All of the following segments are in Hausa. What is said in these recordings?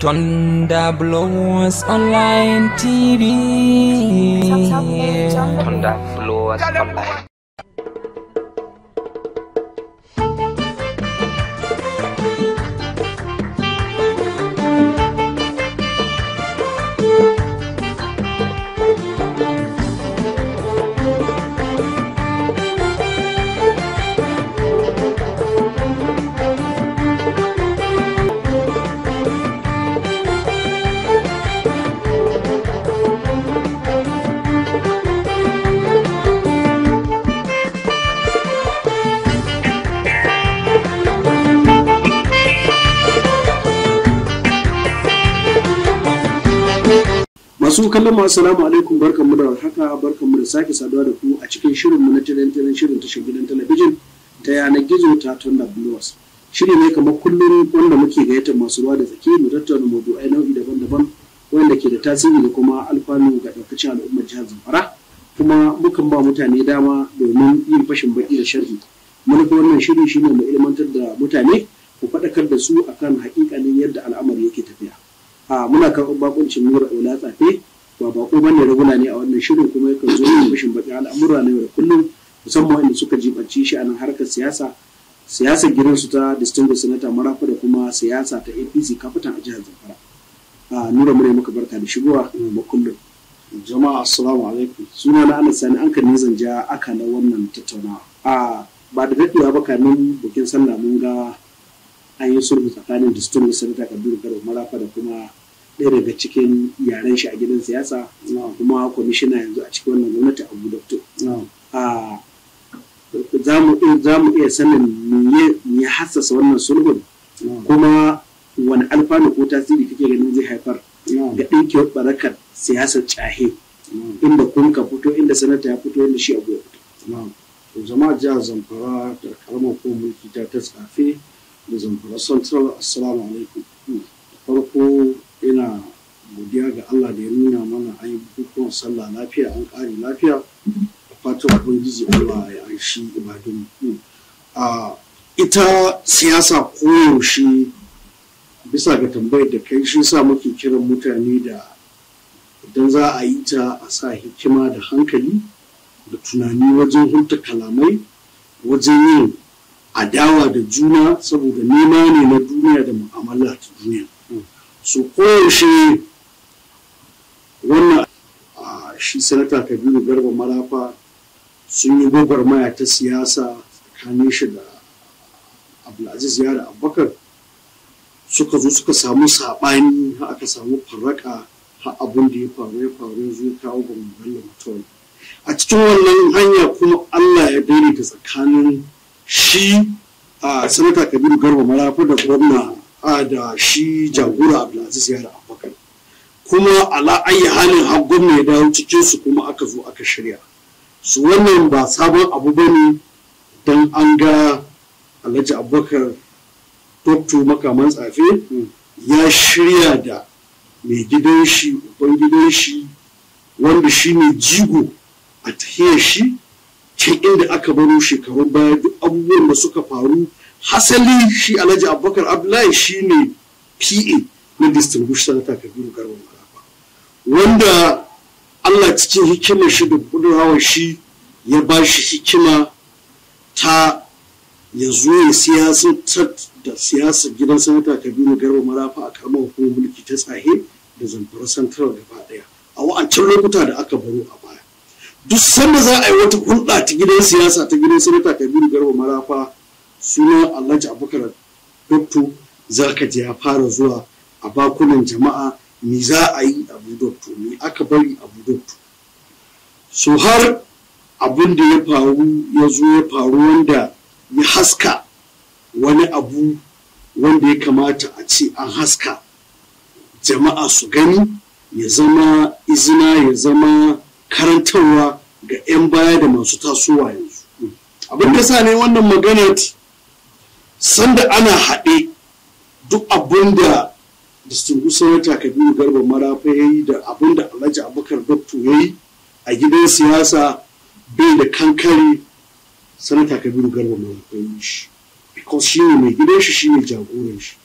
Thunder Online TV. Thunder Online. masu kallon masu salamu alaikum barkan mu da haka barkan mu da sake saduwa da ku a cikin shirin mu na tiren shirin tashar gidan talabijin ta yanar gizo ta tunda blues shiri ne kamar kullum wanda muke gayyatar masu ruwa da tsaki mu tattauna maudu'ai nau'i daban-daban wanda ke da tasiri da kuma alfanu ga ɗaukacin al'ummar jihar zamfara kuma mukan ba mutane dama domin yin fashin baki da sharhi manufar wannan shiri shine mu ilmantar da mutane ku faɗakar da su akan haƙiƙanin yadda al'amari yake tafiya a muna karɓar bakuncin nura ola tsafe ba bako bane raguna ne a wannan shirin kuma yakan zo ne mishin baƙi al'amura na yau da kullum musamman wanda suka jibanci shi a nan harkar siyasa siyasar gidansu ta distinguished senator marafa da kuma siyasa ta apc kafatan a jihar zamfara a nura mure muka barka da shigowa ba kullum jama'a assalamu alaikum suna na anas sani an kan zan ja aka na wannan tattaunawa a ba da daɗewa ba kamin bikin sallah mun ga an yi sulhu tsakanin distin sanata kabiru garo marafa da kuma ɗaya daga cikin yaren shi a gidan siyasa kuma kwamishina yanzu a cikin wannan gwamnati abu doctor za mu iya sanin ya hassasa wannan sulhun kuma wani alfanu ko tasiri kake ganin zai haifar ga ɗinkewar barakar siyasar cahe inda kun ka fito inda sanata ya fito inda shi abu ya fito. zama jihar zamfara da karamar ko mulki ta ta tsafe da zamfara central assalamu alaikum farko ina godiya ga allah da ya nuna mana ayi yi bukukuwan sallah lafiya an ƙare lafiya fatan ubangiji allah ya anshi ibadun a ita siyasa koyaushe bisa ga tambayar da kai shi sa muke kiran mutane da idan za a yi ta a sa hikima da hankali da tunani wajen hulta kalamai wajen yin adawa da juna saboda nema ne na duniya da mu'amala ta duniya so koyaushe wannan A shi sanata kabiru garba marafa sun yi maya ta siyasa tsakanin shi da abdulaziz yara abubakar suka zo suka samu saɓani har aka samu farraka har abin da ya faru ya faru zuwa zo kawo ga mutum a cikin wannan hanya kuma allah ya daidaita tsakanin shi a sanata kabiru garba ko da gwamna a da shi jagora abdulaziz yara abubakar kuma ala ayi halin har gwamna ya dawo cikinsu kuma aka zo aka shirya su wannan ba sabon abu ba ne don an ga alhaji abubakar dokto makaman tsafe ya shirya da mai gidan shi ubangidan shi wanda shi ne jigo a tahiyar shi can inda aka baro shekarun baya duk abubuwan da suka faru hasali shi alhaji abubakar abdullahi shi ne pa na distribution ta kabiru garba maraba wanda allah cikin hikimar shi da shi ya ba shi hikima ta ya zo ya siyasantar da siyasar gidan sanata kabiru garba marafa a karamar hukumar mulki ta tsahe da zamfara central gaba daya a wa'ancan lokuta da aka baro a duk sanda za a yi wata hulɗa ta gidan siyasa ta gidan sanata ta biyu garba marafa suna alhaji abubakar dokto za je ya fara zuwa a bakunan jama'a me za a yi abu dokto me aka bari abu dokto so har abin da ya faru ya zo ya faru wanda ya haska wani abu wanda ya kamata a ce an haska jama'a su gani ya zama izina ya zama karantarwa ga 'yan baya da masu tasowa yanzu abin da sa ne wannan magana sanda ana haɗe duk abin da distingu sanata kabiru garba marafa ya yi da abin da alhaji abubakar dokto ya yi a gidan siyasa bai da kankare sanata kabiru garba marafa ya yi shi because shi ne mai gidan shi shi ne jagoran shi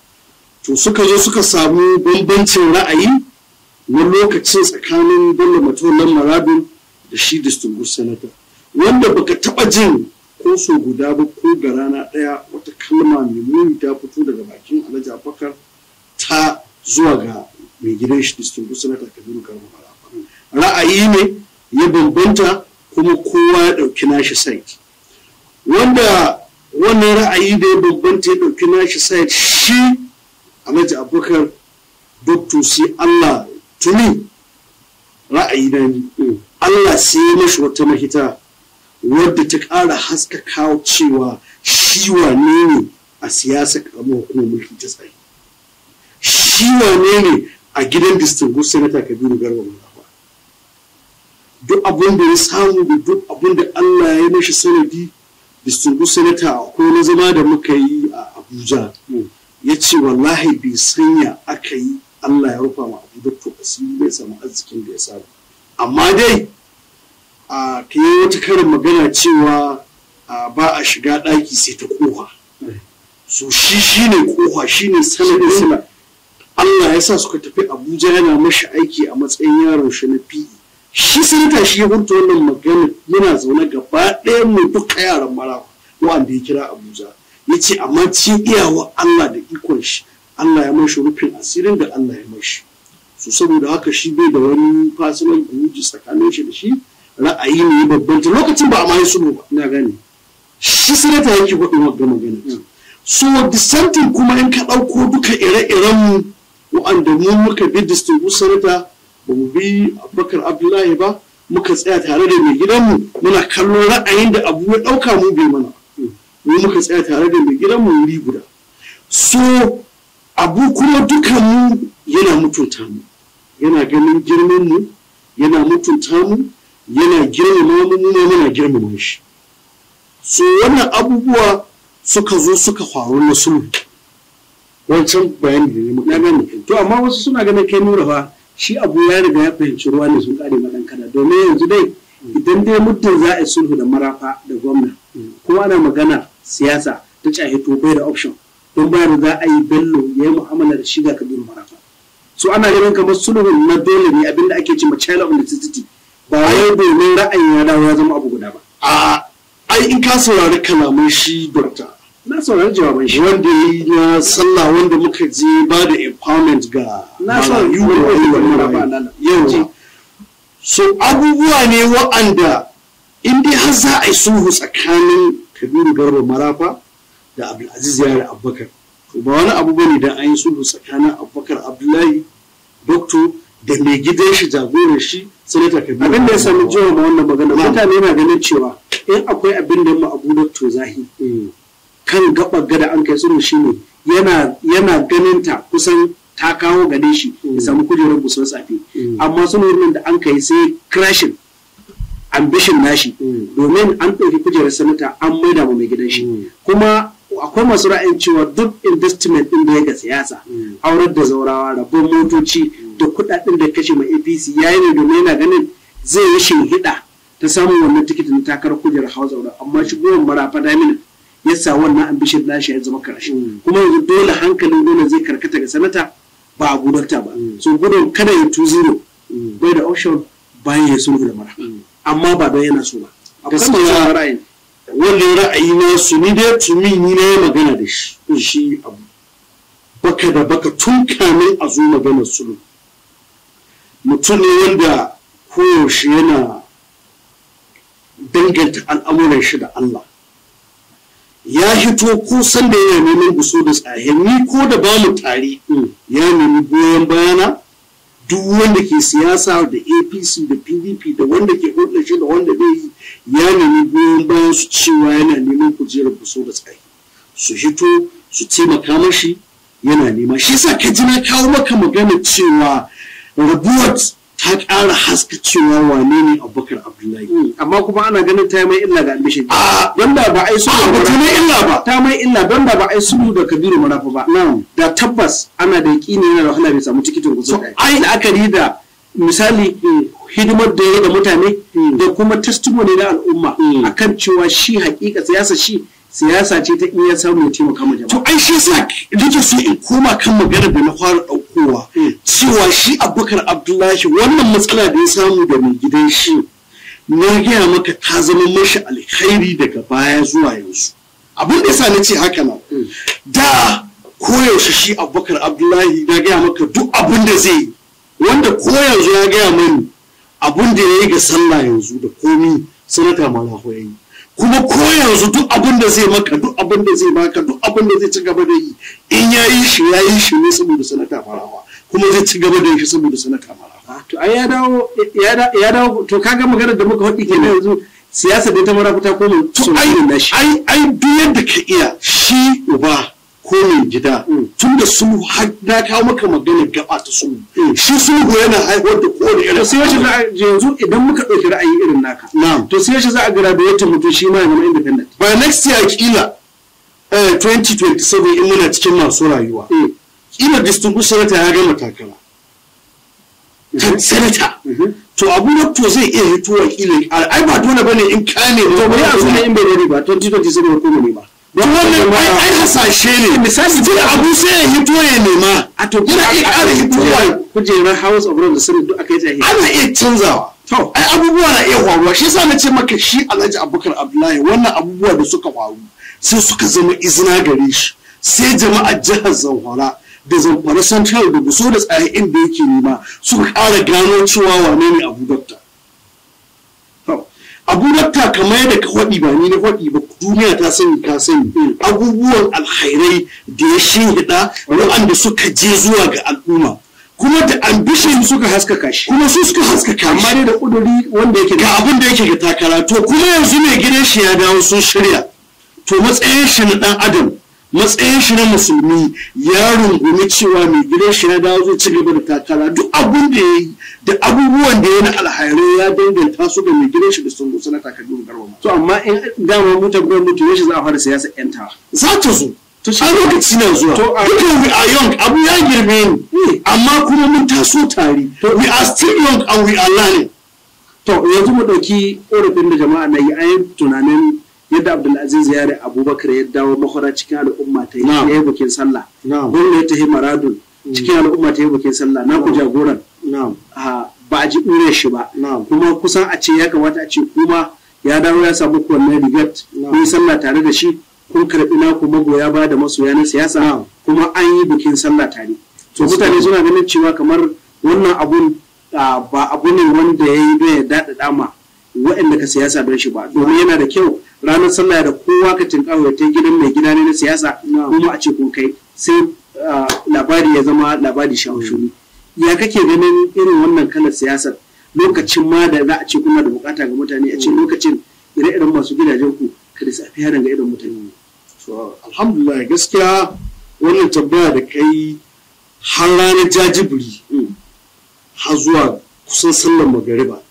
to suka zo suka samu bambancin ra'ayi na lokacin tsakanin bello matolan marabin da shi distingu sanata wanda baka taba jin ko so guda ba ko ga rana daya wata kalma mai muni ta fito daga bakin alhaji abubakar ta zuwa ga mai gidan shi distingu sanata kabiru garba maraba ra'ayi ne ya bambanta kuma kowa ya ɗauki nashi site wanda wannan ra'ayi da ya bambanta ya ɗauki nashi site shi alhaji abubakar Dr. C. allah tuni ra'ayi na ni Allah sai ya mashi wata mahita wadda ta ƙara kawo cewa shi wane ne a siyasa ƙaramar hukumar mulki ta tsaye shi wane ne a gidan distinguished senator kabiru garba mulafa duk abin da ya samu da duk abin da Allah ya yi mashi sanadi distinguished senator ko na zama da muka yi a abuja ya ce wallahi bai sanya aka yi Allah ya rufa ma abu dakto asiri zai samu arzikin da ya samu amma dai a ka yi wata karin magana cewa ba a shiga ɗaki sai ta kofa so shi shi ne kofa shi ne sanadin sila Allah ya sa suka tafi Abuja yana mashi aiki a matsayin yaron shi na fi e. shi sanata shi ya hurta wannan magana yana zaune gaba ɗaya mai duka yaran mara wa'anda ya kira Abuja ya ce amma cin iyawa Allah da ikon shi Allah ya mashi rufin asirin da Allah ya mashi su saboda haka shi bai da wani fasilan guji tsakanin shi da shi ra'ayi ne babban ta lokacin ba a ma yi ba na gane shi sanata yake faɗin wagga magana hmm. so dissenting kuma in ka ɗauko duka ire-iren mu wa'anda mu muka bi distribu sanata ba mu bi abubakar abdullahi ba muka tsaya tare da mai gidanmu muna kallon ra'ayin da abu ya ɗauka mu bai mana hmm. mu muka tsaya tare da mai gidanmu wuri guda so abu kuma dukanmu yana mutunta mu yana ganin girman mu yana mutunta mu yana girmama mu mu muna girmama shi so wannan abubuwa suka zo suka faru na sulhu wancan bayani da mu ga ne to amma wasu suna ganin kai nura fa shi abu ya riga ya fahimci ruwa ne sun kare madan kada domin yanzu dai idan dai muddin za a yi sulhu da marafa da gwamna mm. kuma ana magana siyasa ta cahito bai da option don ba da za a yi bello ya yi mu'amala da shiga kabiru marafa so ana ganin kamar sulhun na dole ne abinda ake ce ma child of necessity ba wai domin ra'ayin ya dawo ya zama abu guda ba a ai in ka saurari kalaman shi dokta na saurari jawaban shi wanda ya yi na sallah wanda muka je ba da empowerment ga na saurari yawa so abubuwa ne wa'anda in dai har za a yi sulhu tsakanin kabiru garba marafa da abdulaziz yara abubakar ba wani abu bane da an yi sulhu tsakanin abubakar abdullahi doctor da mai gidan shi jagoran shi sanata kabiru abin da ya sami jiwa ma wannan magana mutane na ganin cewa in akwai abin da ma abu doctor zahi mm. kan gaba gada an kai sulhu shine yana yana ganin ta kusan ta kawo gane shi ya mm. samu kujerar busar tsafi mm. amma sulhun da an kai sai crashing ambishin nashi domin an ɗauki kujerar sanata an maida ma mai gidan shi kuma akwai masu ra'ayin cewa duk investment din da ya ga siyasa mm. aurar da zaurawa rabon motoci mm. da kudaden da kashe mai apc ya yi ne domin yana ganin zai yi hida ta samun wannan tikitin takarar kujerar hausa amma shigowar marafa damina ya sa wannan ambishin nashi ya zama karshe mm. kuma yanzu dole hankali dole zai karkata ga sanata ba a gudanta ba so gudun kada ya tu zero bai da option bayan ya sulhu da mara amma ba don yana so ba akwai masu ra'ayin wannan ra'ayi na su ni dai tumi ni na magana da shi shi abu baka da baka tun kamin a zo magana sulhu mutum ne wanda koyaushe yana danganta al'amuran shi da Allah ya hito kusan da yana neman guso da tsahe ni ko da ba mu tare ya nemi goyon bayana duk wanda ke siyasa da apc da pdp da wanda ke hulɗa shi da wanda zai yi ya nemi goyon bayan su cewa yana neman kujerar buso da tsaki su hito su taimaka mashi yana nema shi sa ka ji na kawo maka magana cewa rabuwar ta ƙara haska cewa wane ne abubakar abdullahi hmm. amma kuma ana ganin ta mai illa ga admission a ah. don da ba a yi sulhu ah, ba ta mai illa ba ta mai illa don da ba a yi sulhu da kabiru marafa ba da tabbas ana da yaƙini yana da wahala bai samu tikitin guzo a yi la'akari da misali eh, hidimar da ya da mutane hmm. da kuma testimony na al'umma hmm. akan cewa shi hakika siyasa shi siyasa ce ta iya samun taimaka ma jama'a to ai shi yasa nake so in koma kan maganar da na fara cewa shi abubakar abdullahi wannan matsala da ya samu da mai gidan shi na gaya maka ta zama mashi alkhairi daga baya zuwa yanzu abin da yasa na ce haka na hmm. da koyaushe shi abubakar abdullahi na gaya maka duk abin da zai yi wanda ko yanzu ya gaya mani abin da ya yi ga sallah yanzu da komi sanata malahoyayi kuma ko yanzu duk abin da zai maka duk abin da zai maka duk abin da zai ci gaba da yi in ya yi shi ya yi shi ne saboda sanata farawa kuma zai ci gaba da yi shi saboda sanata farawa to ai ya dawo ya dawo to kaga maganar da muka faɗi kenan yanzu siyasa da ta marafuta ko mun so ai ai duk yadda ka iya shi uba ko gida mm. tun da sulhu na kawo maka magana gaba ta sulhu mm. shi sulhu yana haihuwar da kowane irin sai a yanzu idan muka ɗauki ra'ayi irin naka to sai shi za a da graduate mutum shi ma ya independent by next year kila 2027 eh, in muna cikin masu rayuwa mm. kila distribution ta ya gama takara mm-hmm. sanata mm-hmm. to abu na to zai iya hitowa kila ai ba dole bane in kane to bai a zuwa in bai ba 2027 ko ne ba wannan ai hasashe ne misali ji abu sai ya hito ya nema a to yana iya ƙara hitowa kujerar house of da sanin aka yi ana iya canzawa ai abubuwa na iya faruwa shi yasa na ce maka shi alhaji abubakar abdullahi wannan abubuwa da suka faru sai suka zama izina gare shi sai jama'ar jihar zamfara da zamfara central da buso da tsaye inda yake nema suka kara gano cewa wane ne abubakar abubakar kamar yadda ka faɗi ba ni na faɗi ba duniya ta sani ka sani eh, abubuwan alkhairai da ya shinhiɗa waɗanda suka je zuwa ga al'umma kuma da ambition suka haskaka shi kuma su suka haskaka amma dai da kuduri wanda yake ga abin da yake ga takara to kuma yanzu mai gidan shi ya dawo sun shirya to matsayin shi na dan adam matsayin shi na musulmi ya rungumi cewa mai gidan shi na dawo zai ci gaba da takara duk abun da ya yi da abubuwan da ya na alhairu ya danganta su da mai gidan shi da sun gusa na takardun garwa to amma in dama mutan gwamnati mutu shi za a fara siyasa yanta za ta zo to shi lokaci na zuwa to a young abu ya girbe ni eh. amma kuma mun taso tare we are still young and we are learning to yanzu mu dauki korafin da jama'a na yi ayin tunanin yadda abdulaziz yare abubakar ya dawo makwara cikin al'umma ta yi bukin sallah gwamna ya tafi maradun mm. cikin al'umma ta yi bukin sallah na ku jagoran ba a ji ɗure shi ba kuma kusan a ce ya kamata a ce kuma ya dawo ya samu na rigat kun sallah tare da shi kun karɓi naku magoya ba da masoya na siyasa kuma an yi bukin sallah tare to mutane suna ganin cewa kamar wannan abun ah, ba abu ne wanda ya yi don ya daɗaɗa ma waɗanda ka siyasa don shi ba domin yana da kyau ranar sallah da kowa ka tinkawa ta gidan mai gida ne na siyasa kuma a ce kun kai sai labari ya zama labari shaushuni ya kake ganin irin wannan kalar siyasar lokacin ma da za a ce kuna da bukata ga mutane a ce mm. lokacin ire-iren masu gidajen ku kada su afi ga irin mutane alhamdulillah gaskiya wannan tambaya da kai har ranar jajibiri mm. har zuwa kusan sallar magariba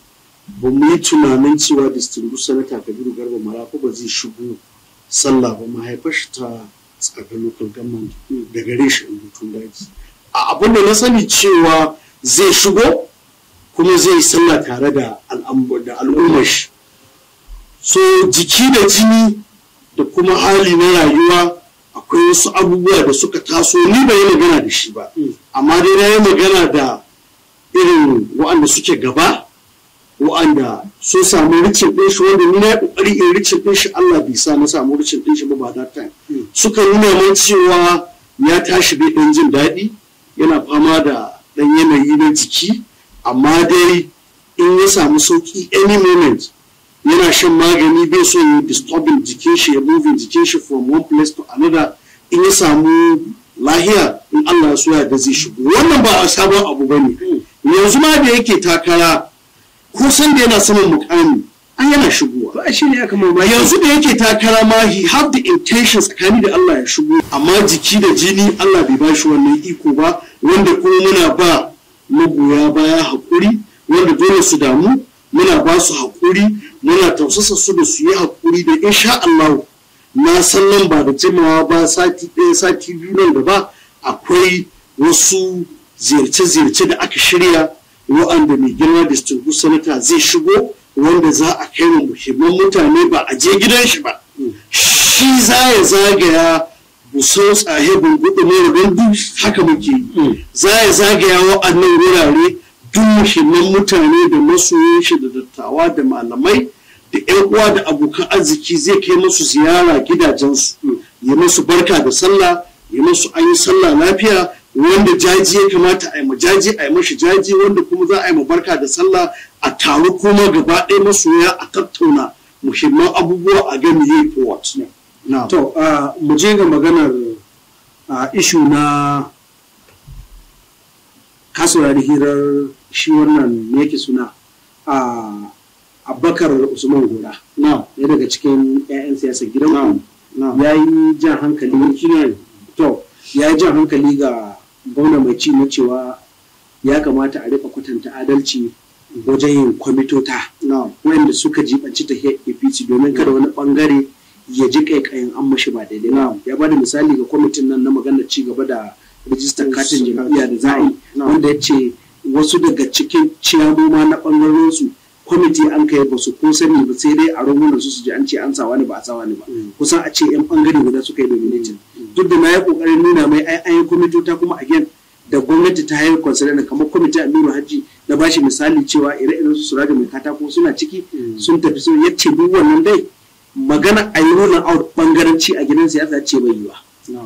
ba mu yi tunanin cewa distribu sanata kabiru garba marafu ba zai shigo sallah ba mahaifar shi ta tsakanin local government eh, da gare shi rubutun daji a abin da na sani cewa zai shigo kuma zai yi sallah tare da al'ummar shi so jiki da jini da kuma hali na rayuwa akwai wasu abubuwa da suka taso ni bai magana da shi ba hmm. amma dai na yi magana da irin waɗanda suke gaba wa'anda sun samu ricin ɗin shi wanda ni na ƙoƙari in ricin ɗin shi Allah bai sa na samu ricin ɗin shi ba ba that time hmm. suka nuna man cewa ya tashi bai ɗan jin daɗi yana fama da ɗan yanayi na jiki amma dai in ya samu sauƙi any moment yana shan magani bai so ya disturbing jikin shi ya moving jikin shi from one place to another in ya samu lahiya in Allah ya so ya da zai shigo wannan ba a sabon abu bane hmm. yanzu ma da yake takara kusan da yana saman mukami an yana shigowa ba shi ne aka ba. yanzu da yake takara ma he have the intention tsakani da Allah ya shigo amma jiki da jini Allah bai ba shi wannan iko ba wanda ko muna ba magoya baya hakuri, wanda dole su damu muna ba su haƙuri muna tausasa su da su yi haƙuri da insha Allah na san nan ba da jimawa ba sati ɗaya sati biyu nan da ba akwai wasu ziyarce-ziyarce da aka shirya wa'anda mai girma distribu sanata zai shigo wanda za a kai wa muhimman mutane ba a je gidan shi ba hmm. shi za ya zagaya buso tsaye gungudu ne don duk haka muke hmm. za ya zagaya wa'annan wurare duk muhimman mutane da masoyan shi da dattawa da malamai da yan uwa da abokan arziki zai kai musu ziyara gidajensu hmm. ya masu barka da sallah ya masu an yi sallah lafiya wanda jaji ya kamata a yi jaji a yi mashi jaji wanda kuma za a yi barka da sallah a taru kuma gaba ɗaya masoya a tattauna muhimman abubuwa a gami yi To, mu je ga maganar ishu na kasuwar hirar shi wannan ne yake suna a abakar usman gora ya daga cikin 'ya'yan siyasa gidan ya yi jan hankali to ya ji hankali ga gwamna mai ci na cewa ya kamata a rika kwatanta adalci wajen yin kwamitota wanda suka jibanci ta apc domin kada wani bangare ya ji kaikayin an mashi ba daidai na ya bada misali ga kwamitin nan na maganar ci gaba da rijistar katin jam'iyya da za'a yi wanda ya ce wasu daga cikin ciyamoma na bangarorinsu kwamiti an kai ba su ko sani ba sai dai a rungunan su su ji an ce an sawa ne ba a sawa ne ba mm. kusan a ce yan bangare guda suka yi dominatin mm. duk da na yi kokarin nuna mai ayyukan an yi kwamitota kuma again da gwamnati ta yi considerin kamar kwamitin aminu hajji na bashi misali cewa ire-iren su sura mai katako suna ciki mm. sun tafi sun yace duk wannan dai magana a yi rolling out bangaranci a gidan siyasa ce bai yi ba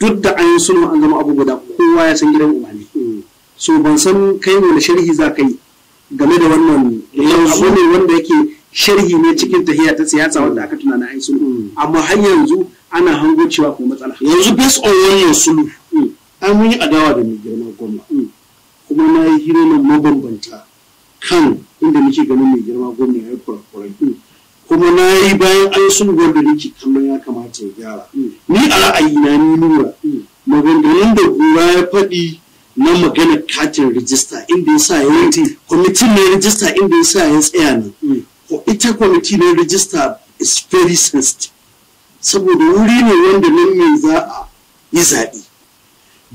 duk da an yi sulhu an zama abu guda kowa ya san gidan umarni mm. so ban san kai wani sharhi za ka yi game da wannan yanzu ne wanda yake sharhi ne cikin tahiya ta siyasa wanda aka tunana yi sulhu mm. amma har yanzu ana hango cewa kuma matsala yanzu based on wannan sulu hmm. an mun yi adawa da mai girma gwamna hmm. kuma na yi hira na mabambanta kan inda muke ganin mai girma goma ya yi kurakurai hmm. kuma na yi bayan an sun gwanda nake kallon ya kamata ya gyara ni a na ni nura maganganun da gura ya faɗi na magana katin rijista inda ya sa ya yi kwamitin na rijista inda ya sa ya tsaya nan ita kwamitin na rijista is very sensitive saboda wuri ne wanda nan ne za a yi zaɓe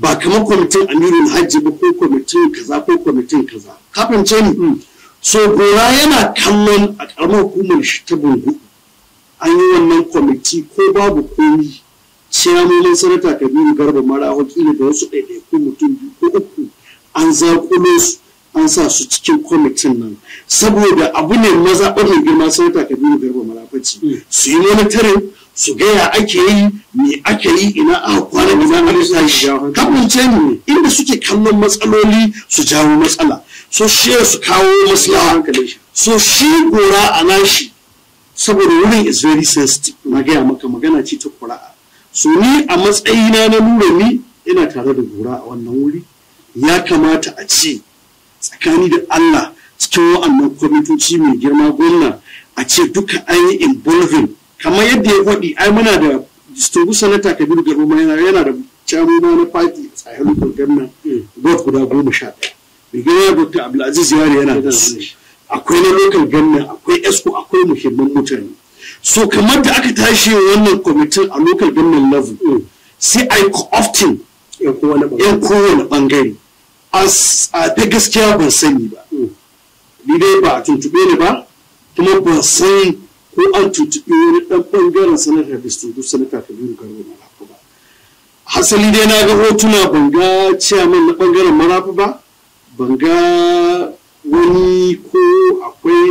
ba kamar kwamitin amirul hajji ba ko kwamitin kaza ko kwamitin kaza kafin ni mm. so gora yana kallon a ƙaramar hukumar shi ta bungu an yi wannan kwamiti ko babu komi ciyamomin sanata kabiru garba mara wakili da wasu ɗaiɗaiku mutum biyu ko uku an zaƙulo su an sa su cikin kwamitin nan saboda abu ne mazaɓar mai girma sanata kabiru garba mara mm. su yi wani tarin. su gaya ake yi me ake yi ina a kwanan da zamani shi? Kamun kamance ne inda suke kallon matsaloli su jawo matsala so shi su kawo maslaha so shi gora a nashi saboda wurin is very sensitive na gaya maka magana ce ta kura'a so ni a matsayina na nuna ni ina tare da gora a wannan wuri ya kamata a ce tsakani da Allah cikin wa'annan kwamitoci mai girma gwamna a ce duka an yi involving kamar yadda ya faɗi ai muna da distogu sanata kabir garuma yana da canuna na fati a tsahin gurgan nan god guda goma sha ɗaya rigina dr abdulaziz yari yana da akwai na local gannan akwai esco akwai muhimman mutane so kamar da aka tashi wannan kwamitin a local gannan level sai a yi co-opting yan kowane bangare a ta gaskiya ban sani ba ni dai ba a tuntube ni ba kuma ban san ko an tuntuɓi wani ɗan ɓangaren sanata bistugu sanata kabiru garba marafa ba hasali dai na ga hotuna ban ga ciyaman na ɓangaren marafa ba ban ga wani ko akwai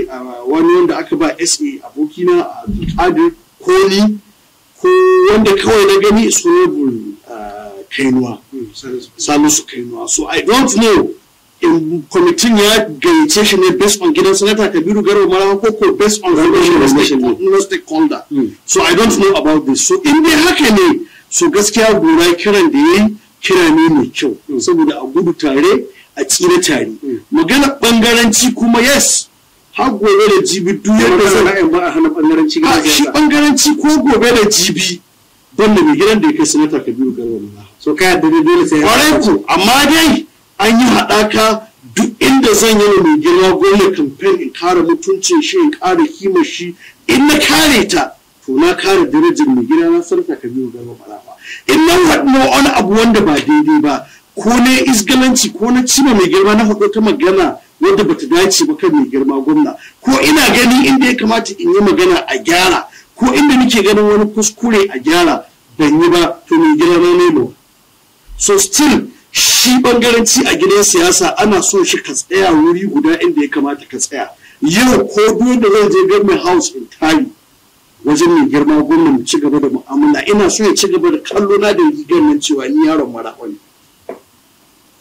wani wanda aka ba sa abokina a abdulkadir ko ni ko wanda kawai na gani ne bu uh, hmm, kainuwa salisu kainuwa so i don't know kwamitin ya gayyace shi ne based on gidan sanata kabiru garba marafa ko ko based on na stakeholder hmm. so i don't know about this so in dai haka ne so gaskiya gora kiran da ya kira ne mai kyau hmm. saboda a gudu tare a tsira tare hmm. magana bangaranci kuma yes har gobe da jibi duk yadda zai ba a hana bangaranci ah, shi bangaranci ko gobe da jibi banda mai gidan da ya kai sanata kabiru garba marafa so ka yadda dole sai ya kwarai ku amma dai an yi haɗaka duk inda zan yi mai girma gwamna kamfen in kare mutuncin shi in kare kimar shi in na kare ta to na kare darajar mai gida na sarka ka biyu gaba bara ba in na faɗi wani abu wanda ba daidai ba ko na isgalanci ko na cima mai girma na haɗu ta magana wanda bata dace ba kan mai girma gwamna ko ina gani inda ya kamata in yi magana a gyara ko inda nake ganin wani kuskure a gyara ban yi ba to mai girma ne mu so still shi bangaranci a gidan siyasa ana so shi ka tsaya wuri guda inda ya kamata ka tsaya yau ko da zai je government house in tari wajen mai girma gwamnan ci gaba da mu'amala ina so ya ci gaba da kallo na da rigar nan cewa ni yaron maraƙwa ne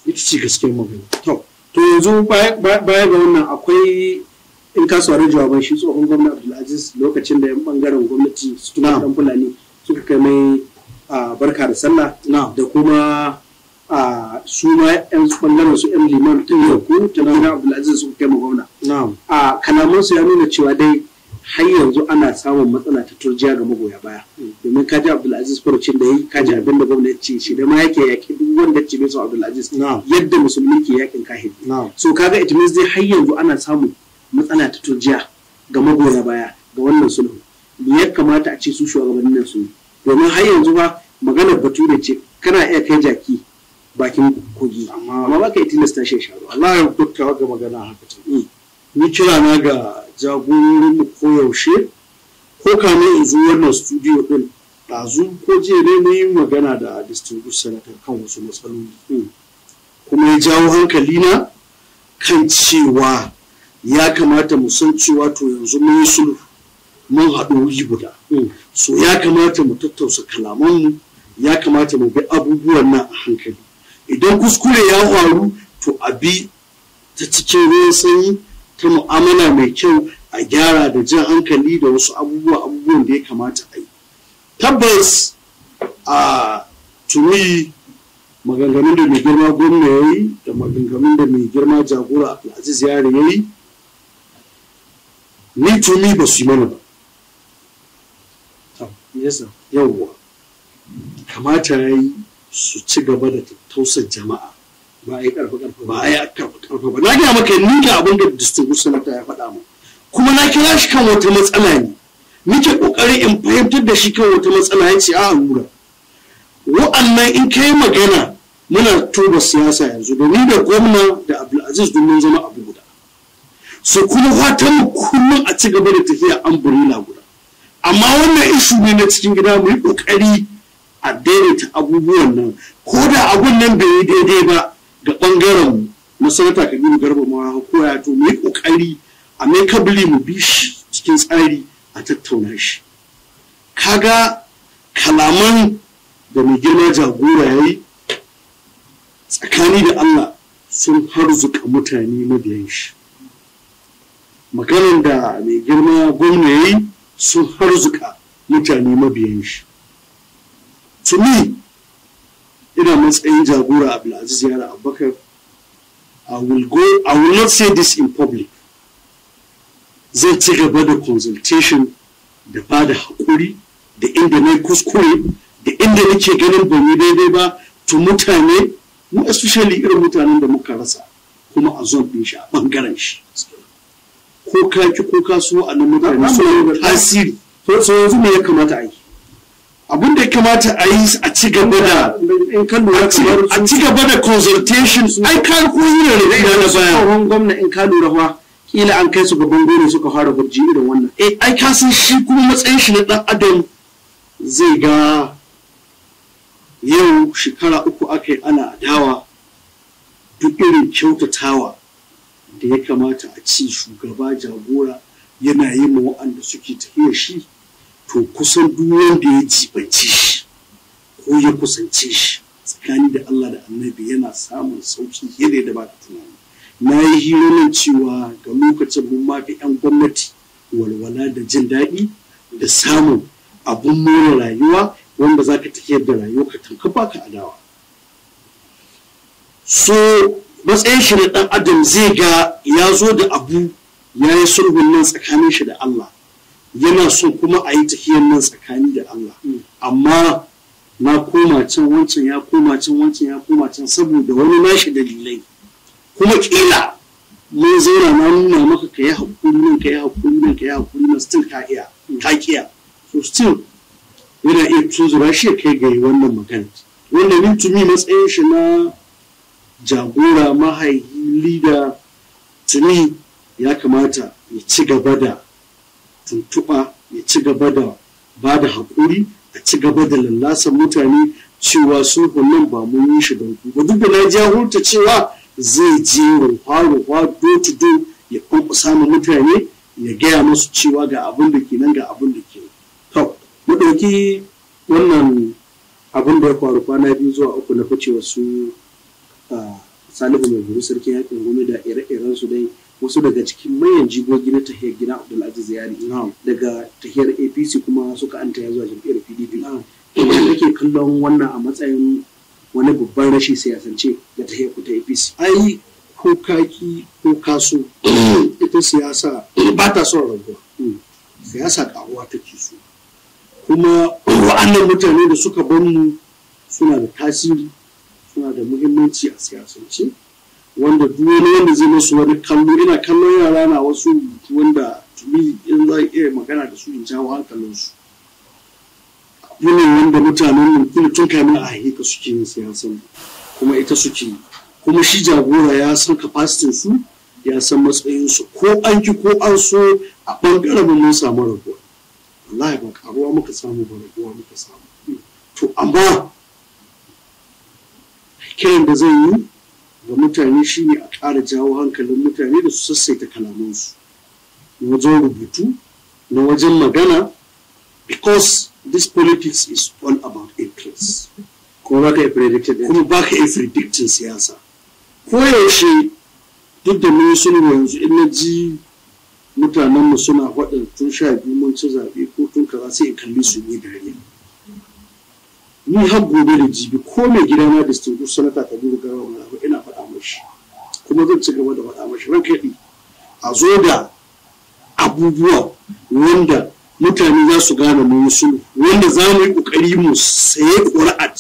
ita ce gaskiyar magana to to yanzu baya ga wannan akwai in ka saurari jawaban shi tsohon gwamna Abdulaziz lokacin da yan bangaren gwamnati su dan Fulani suka kai mai ah, barka da sallah da kuma a su yan su yan liman tun da ku tunanin abdulaziz su kai gwamna a kalaman su ya nuna cewa dai har yanzu ana samun matsala ta turjiya ga magoya baya mm. domin kaji abdulaziz farcin da yi kaji abin da gwamna ce shi da ma yake yaƙi duk wanda ce su abdulaziz yadda musulmi ke yaƙin kahin so kaga it means dai har yanzu ana samun matsala ta turjiya ga magoya baya ga wannan sulhu me ya kamata a ce su shugabannin nan su domin har yanzu ba maganar ne ce kana iya kai jaki bakin kogi amma ba ka yi tilasta shi sha Allah ya kuka ga magana haka ta hmm. ni kira na ga jagororin mu koyaushe ko kame in zo wannan studio din ɗazu ko jiya ne ne yi magana da distinguished senator kan wasu matsaloli hmm. kuma ya jawo hankali na kan cewa ya kamata mu san cewa to yanzu mun yi sulhu mun haɗu wuri guda hmm. so ya kamata mu tattausa kalamanmu ya kamata mu bi abubuwan nan a hankali idan kuskure ya faru to a bi ta cikin ruwan sanyi ta mu'amala mai kyau a gyara da jan hankali da wasu abubuwa abubuwan da ya kamata a yi tabbas a tuni maganganun da mai girma gwamna ya yi da maganganun da mai girma jagora aziz yare ya yi ni tuni ba su yi mana ba yawwa kamata ya yi su ci gaba da ta. tausan jama'a ba a yi karfa karfa ba a yi karfa karfa ba na gina maka ni ga abin da distribution mata ya faɗa mu kuma na kira shi kan wata matsala ne nake kokarin in fahimtar da shi kan wata matsala ya ce a hura wa'annan in kai magana muna tuba siyasa yanzu domin da gwamna da abdulaziz domin zama abu guda su kuma mu kullum a ci gaba da tafiya an guda amma wannan ishu ne na cikin gida mu yi kokari a daidaita abubuwan nan ko da abun nan bai yi daidai ba ga ɓangaren mu na sanata kabiru garba ma koya to mu yi ƙoƙari a mai kabili mu bi shi cikin tsari a tattauna shi kaga kalaman da mai girma jagora ya yi tsakani da Allah sun harzuka mutane mabiyan shi maganar da mai girma gwamna ya yi sun harzuka mutane mabiyan shi to me ina matsayin jagora abdulaziz yara abubakar i will go i will not say this in public zai ci gaba da consultation da ba da haƙuri da inda na kuskure da inda nake ganin ba mu daidai ba to mutane mu especially irin mutanen da muka rasa kuma a zon ɗin shi a ɓangaren shi ko kaki ko kasuwa a nan mutane suna tasiri to yanzu me ya kamata a yi abin da ya kamata a yi a ci gaba da a ci gaba da consultation ai ka koyi da rubuta na baya tsohon gwamna in ka lura fa kila an kai su gaban gona suka fara gurji irin wannan eh ai ka san shi kuma matsayin shi na dan adam zai ga yau shekara uku aka yi ana adawa duk irin kyautatawa da ya kamata a ci shugaba jagora yana yi ma waɗanda suke tafiya shi to kusan duk wanda ya jibanci shi ko ya kusance shi tsakani da Allah da annabi yana samun sauki yadda da baka tunani na yi hironin cewa ga lokacin mun fi 'yan gwamnati walwala da jin daɗi da samun abun more rayuwa wanda za ka tafiyar da rayuwa ka tanka baka adawa so matsayin shi da ɗan adam zai ga ya zo da abu ya yi sulhun nan tsakanin shi da Allah yana so kuma a yi tafiyan nan tsakani da Allah amma na koma can wancan ya koma can wancan ya koma can saboda wani nashi dalilai kuma kila mun zauna na nuna maka ka yi hakuri nan ka yi hakuri nan ka yi hakuri nan still ka iya ka kiya so still yana iya tuzura shi ya kai ga wannan magana wanda min tumi matsayin shi na jagora mahaifi lida tuni ya kamata ya ci gaba da tuntuɓa ya ci gaba da ba da haƙuri a ci gaba da lallasan mutane cewa su nan ba mun yi shi don ba duk da na ji hulta cewa zai je ruwa-ruwa do ya kuma ma mutane ya gaya musu cewa ga abin da ke nan ga abin da ke to mu ɗauki wannan abin da ya faru kwana biyu zuwa uku na ficewa su ah, salihu mai guri sarki yakin gome da ire-iren su dai wasu daga cikin manyan jigogi na tahiyar gina abdulaziz yari daga tahiyar apc kuma suka an taya zuwa jam'iyyar pdp kuma kake kallon wannan a matsayin wani babban rashin siyasance da tahiyar ku ta apc ai ko kaki ko kaso ita siyasa ba ta son rabuwa mm. siyasa ta ke so kuma wa'annan mutane da suka bar suna da tasiri suna da muhimmanci a siyasance wanda duk wanda zai masu wani kallo ina kallon yara na wasu rubutu wanda tumi in za iya magana da su in jawo hankalinsu su. wanda mutanen mu kuma tun kamin a haƙiƙa suke yin siyasan kuma ita suke kuma shi jagora ya san capacity su ya san matsayin su ko an ki ko an so a bangaren mun samu rabuwa wallahi ba karuwa muka samu ba rabuwa muka samu to amma kiran da zai yi ga mutane shine a ƙara jawo hankalin mutane da su sassaita kalamansu na wajen rubutu na wajen magana because this politics is all about interest kuma ba predicted kuma baka siyasa koyaushe duk da mun ruwa yanzu in na ji mutanenmu suna faɗin tun sha biyu mun ci zaɓe ko tun kaza sai in kalli su ne dariya ni har gobe da jibi ko mai gida na distingu sanata kabiru garba wani abu kuma zan ci gaba da faɗa mashi ran kaɗi a zo da abubuwa wanda mutane za su gane mu su wanda za mu yi ƙoƙari mu saye ƙura'a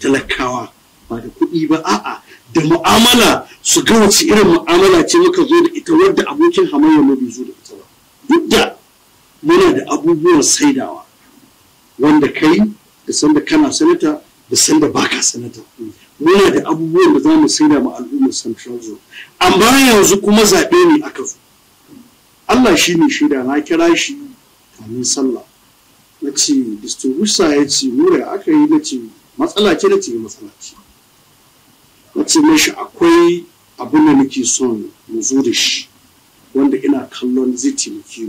talakawa ba da kuɗi ba a'a da mu'amala su ga wace irin mu'amala ce muka zo da ita wadda abokin hamayya mu bi zo da ita ba duk da muna da abubuwan saidawa wanda kai da sanda kana sanata da sanda baka sanata muna da abubuwan da za mu saida ma mu amma yanzu kuma zaɓe ne aka zo Allah shi ne shida na kira shi kamin sallah na ce distribusa ya ce mura aka yi na ce matsala ce na ce eh, matsala ce na ce mashi akwai abun da nake son mu zo da shi wanda ina kallon zai taimake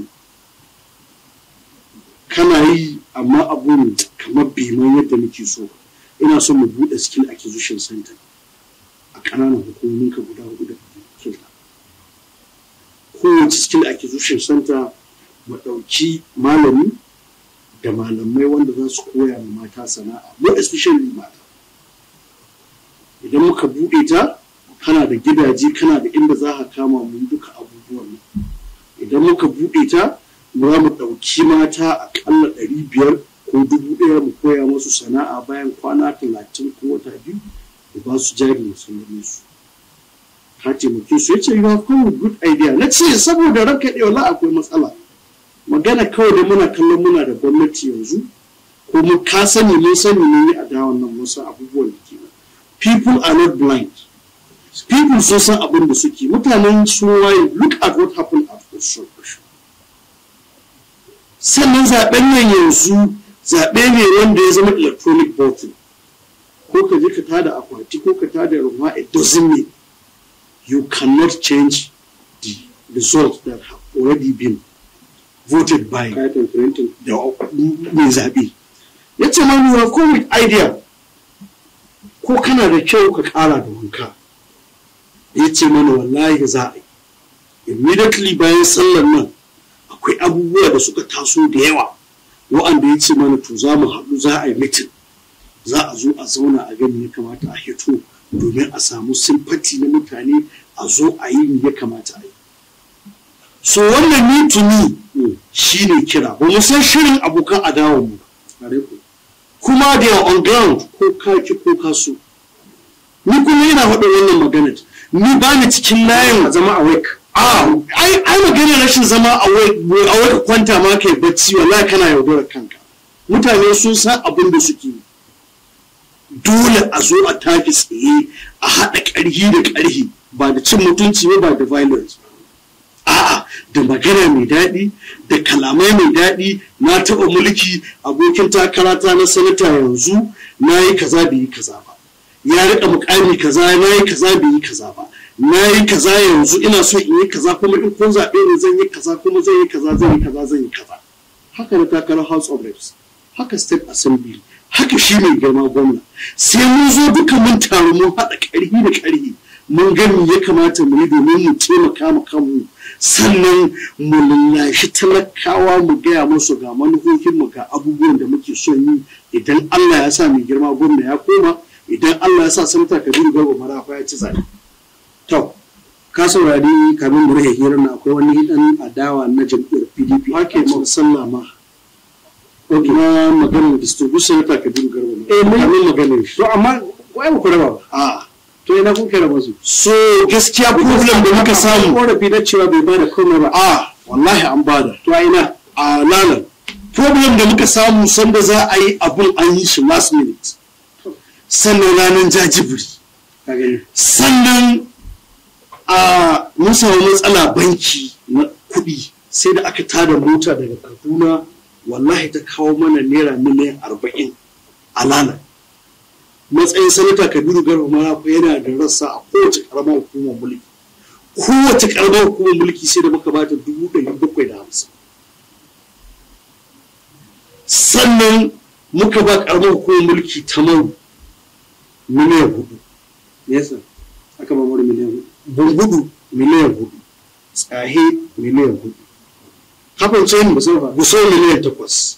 kana yi amma abun kamar biman yadda nake so ina son mu buɗe skill acquisition center ƙananan hukumomin ka guda hudu da ke kowace skill acquisition center mu ɗauki malami da malamai wanda za su koya ma mata sana'a mu especially mata idan muka buɗe ta kana da gidaje kana da inda za ka kama mu duka abubuwan idan muka buɗe ta za mu ɗauki mata aƙalla ɗari biyar ko dubu ɗaya mu koya musu sana'a bayan kwana talatin ko wata biyu ku ba su jari su su ka taimake su yace ce you have good idea na ce saboda ranka ɗaya wala akwai matsala magana kawai da muna kallon muna da gwamnati yanzu ko mun ka sani mun sani mun yi adawan nan mun abubuwan da ke people are not blind people sun san abin da suke mutanen sun waye look at what happened at Osho sannan zaben nan yanzu zaɓe ne wanda ya zama electronic voting ko ka je ka tada akwati ko ka tada ruwa it doesn't mean you cannot change the result. that have already been voted by mai zaɓe ya ce man you have with idea ko kana da kyau ka ƙara da wanka ya ce mana wallahi za a yi immediately bayan sallar nan akwai abubuwa da suka taso da yawa wa'anda ya ce mana to za mu haɗu za a yi mitin za a zo a zauna a gani ya kamata a hito domin a samu simfati na mutane a zo a yi ya kamata a yi so wannan ni to ni shi ne kira ba mu san shirin abokan adawa mu kuma da on ground ko kaki ko kaso ni kuma yana faɗin wannan magana ni ba ni cikin layin zama a wake ai ai magana rashin zama a wake kwanta ma kai bacci wallahi kana yaudarar kanka mutane sun san abin da suke yi dole a zo a tafi tsaye a haɗa ƙarhi da ƙarhi ba da cin mutunci ba ba da violence a'a da magana mai daɗi da kalamai mai daɗi na taɓa mulki abokin takarata na sanata yanzu na yi kaza bai yi kaza ba ya riƙa muƙami kaza na yi kaza bai yi kaza ba na yi kaza yanzu ina so in yi kaza kuma in kun zaɓe ne zan yi kaza kuma zan yi kaza zan yi kaza zan yi kaza haka na takarar house of reps haka state assembly haka shi mai girma gwamna sai mun zo duka mun taru mun haɗa ƙarfi da ƙarfi mun gani ya kamata mu yi domin mu taimaka mu kanmu sannan mu lallashi talakawa mu gaya musu ga manufofin mu ga abubuwan da muke son yi idan Allah ya sa mai girma gwamna ya koma idan Allah ya sa sanata Kabiru Garba Marafa ya ci zaɓe. To, ka saurari kamin mu rahe hirar na akwai wani dan adawa na jam'iyyar PDP. Ake musallama. na maganar distribution ta kabiru garba eh mun maganar shi to amma wai ba ku raba ba a ah. to ina kun kira masu so gaskiya problem da muka samu ko korafi na cewa bai bada komai ba a ah, wallahi an bada to a ina a ah, lalan problem da muka samu sanda za a yi abun an yi shi last minute sannan ranar jajibiri sannan a mun samu matsala banki na kuɗi sai da aka tada mota daga kaduna wallahi ta kawo mana naira miliyan arba'in a lana matsayin sanata kabiru garba mara ko yana da rassa a kowace karamar hukumar mulki kowace karamar hukumar mulki sai da muka bata dubu ɗari bakwai da hamsin sannan muka ba karamar hukumar mulki ta mawu miliyan hudu yasa aka ba maru miliyan hudu bungudu miliyan hudu tsahe miliyan hudu kafin tsayin guso miliyan takwas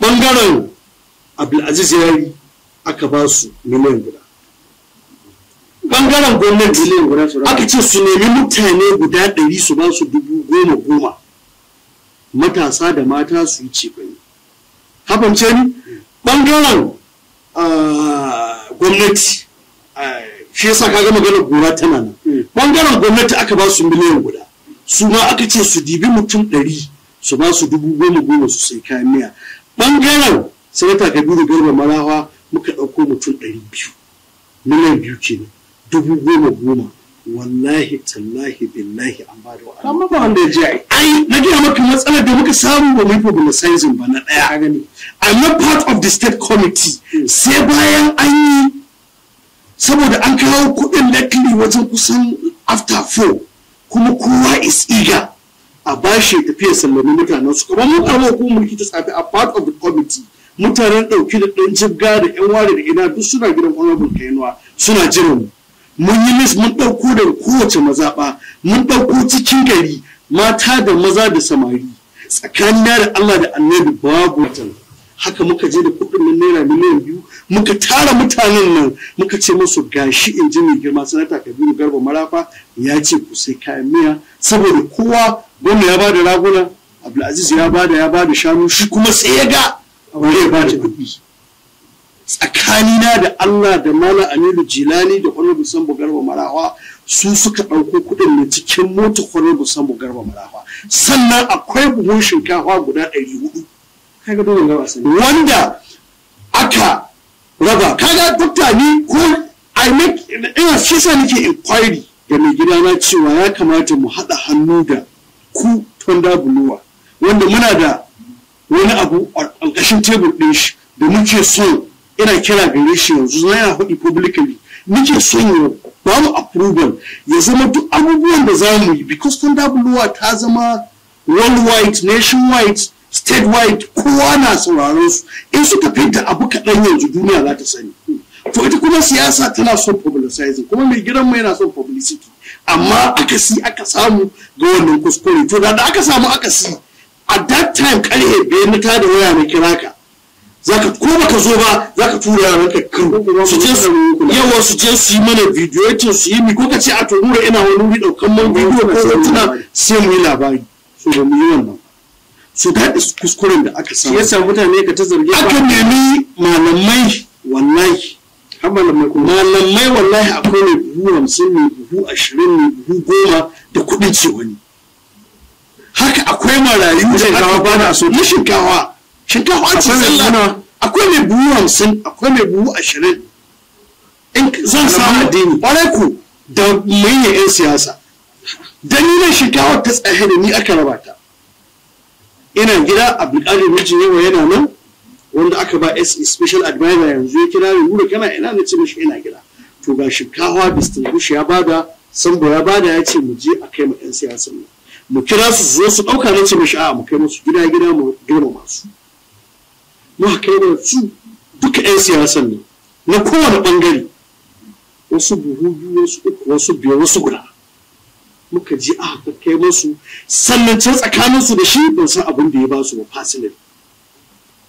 ɓangaren abdulaziz yi aka ba su miliyan guda ɓangaren gwamnati aka ce su nemi mutane guda ɗari su ba su dubu goma goma matasa da mata su yi cefani kafin tsayin ɓangaren ah, gwamnati ah, shi yasa kaga maganar gura tana nan hmm. ɓangaren gwamnati aka ba su miliyan guda su ma aka ce su dibi mutum ɗari su ba su dubu goma goma su sai kayan miya ɓangaren sanata kabiru garba marawa muka ɗauko mutum ɗari biyu miliyan biyu kenan dubu goma goma wallahi tallahi billahi an ba da wa'ala amma ba wanda ya ji ai ai na gina maka matsalar da muka samu ba mu yi publicizing ba na ɗaya a gani I'm not part of the state committee sai bayan an yi saboda an kawo kuɗin lakili wajen kusan after four kuma kowa is eager a bashi tafiyar sallami mutanen su kuma mun kawo hukumar mulki ta tsafi a part of the committee mutanen ɗauki da ɗan jibga da ƴan ware da ina duk suna gidan honorable kainuwa suna jiran mu mun yi mis mun ɗauko da kowace mazaɓa mun ɗauko cikin gari mata da maza da samari tsakanin da Allah da annabi babu watan haka muka je da kuɗin nan naira miliyan biyu muka tara mutanen nan muka ce musu gashi in ji mai girma sanata kabiru garba marafa ya ce ku sai kayan miya saboda kowa gwamna ya bada raguna abdulaziz ya bada ya bada shanu shi kuma sai ya ga aure ya bada kuɗi tsakanina da allah da mala aminu jilani da honorable sambo garba marafa su suka ɗauko kuɗin na cikin mota honorable sambo garba marafa sannan akwai buhun shinkafa guda ɗari hudu wanda aka raba kaga dokta ni ko i make ina shisa nake inquiry da mai gida na cewa ya kamata mu hada hannu da ku tonda buluwa wanda muna da wani abu a tebur ɗin shi da muke so ina kira gare shi yanzu na yana haɗi publicly muke son ya ba mu approval ya zama duk abubuwan da za mu yi because tonda buluwa ta zama worldwide nationwide statewide kowa na sauraron su in suka fita abu kaɗan yanzu duniya za ta sani to ita kuma siyasa tana son publicizing kuma mai gidan mu yana son publicity amma akasi aka samu ga wannan kuskure to da aka samu aka si at that time ƙarfe bai na tada waya na kira ka zaka ko baka zo ba zaka tura yaran ka kan su je su yawa su je su yi mana video su yi mi ko ka ce a to ina wani wuri daukan man video ko tuna sai mu yi labari so miliyan nan so daɗi kuskuren da aka samu yasa mutane ka ta zargi aka nemi malamai wallahi malamai wallahi akwai mai buhu hamsin ne buhu ashirin ne buhu goma da kuɗin ce wani haka akwai marayu da aka bada so na shinkawa shinkawa ce sallah akwai mai buhu hamsin akwai mai buhu ashirin in zan samu addini ƙwarai ku da manyan 'yan siyasa dalilin shinkawa ta tsaye da ni aka raba ta ina gida abdulkadir mijin yawa yana nan wanda aka ba special advisor yanzu ya kira ni wuri kana ina na ce mishi ina gida to ga shinkawa distinguish ya bada sambo ya bada ya ce mu je a kai mu yan mu kira su zo su ɗauka na ce mishi a mu kai musu gida gida mu girmama masu. mu kai da su duka yan siyasan ne, na kowane ɓangare wasu buhu wasu uku wasu wasu guda muka a aka kai masu sannan can tsakaninsu da shi ban san abin da ya ba su ba fasilin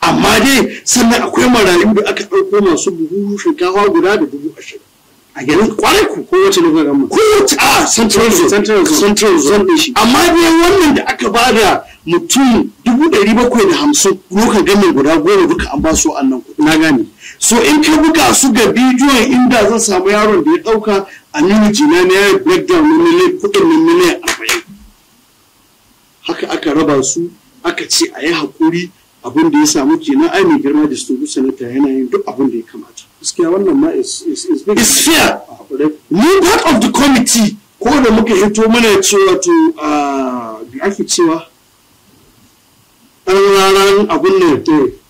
amma dai sannan akwai marayu da aka ɗauko masu buhu shinkawa guda da dubu ashirin a ganin kwarai ku ko wace lokacin amma ko wace a ah, central zone central zone central zone shi amma dai wannan da aka ba da mutum dubu ɗari bakwai da hamsin lokacin gamin guda goma duka an ba su annan kuɗi na gane so in ka buga su ga bidiyon inda zan samu yaron da ya ɗauka aminu jina ne ya yi breakdown na miliyan kudin na miliyan arba'in haka aka raba su aka ce a yi haƙuri abin da ya samu kenan ai mai girma distribu sanata yana yin duk abin da ya kamata gaskiya wannan ma is fair mu part of the committee ko da muka hito mana cewa to da ah, ake cewa ɗan raran abin nan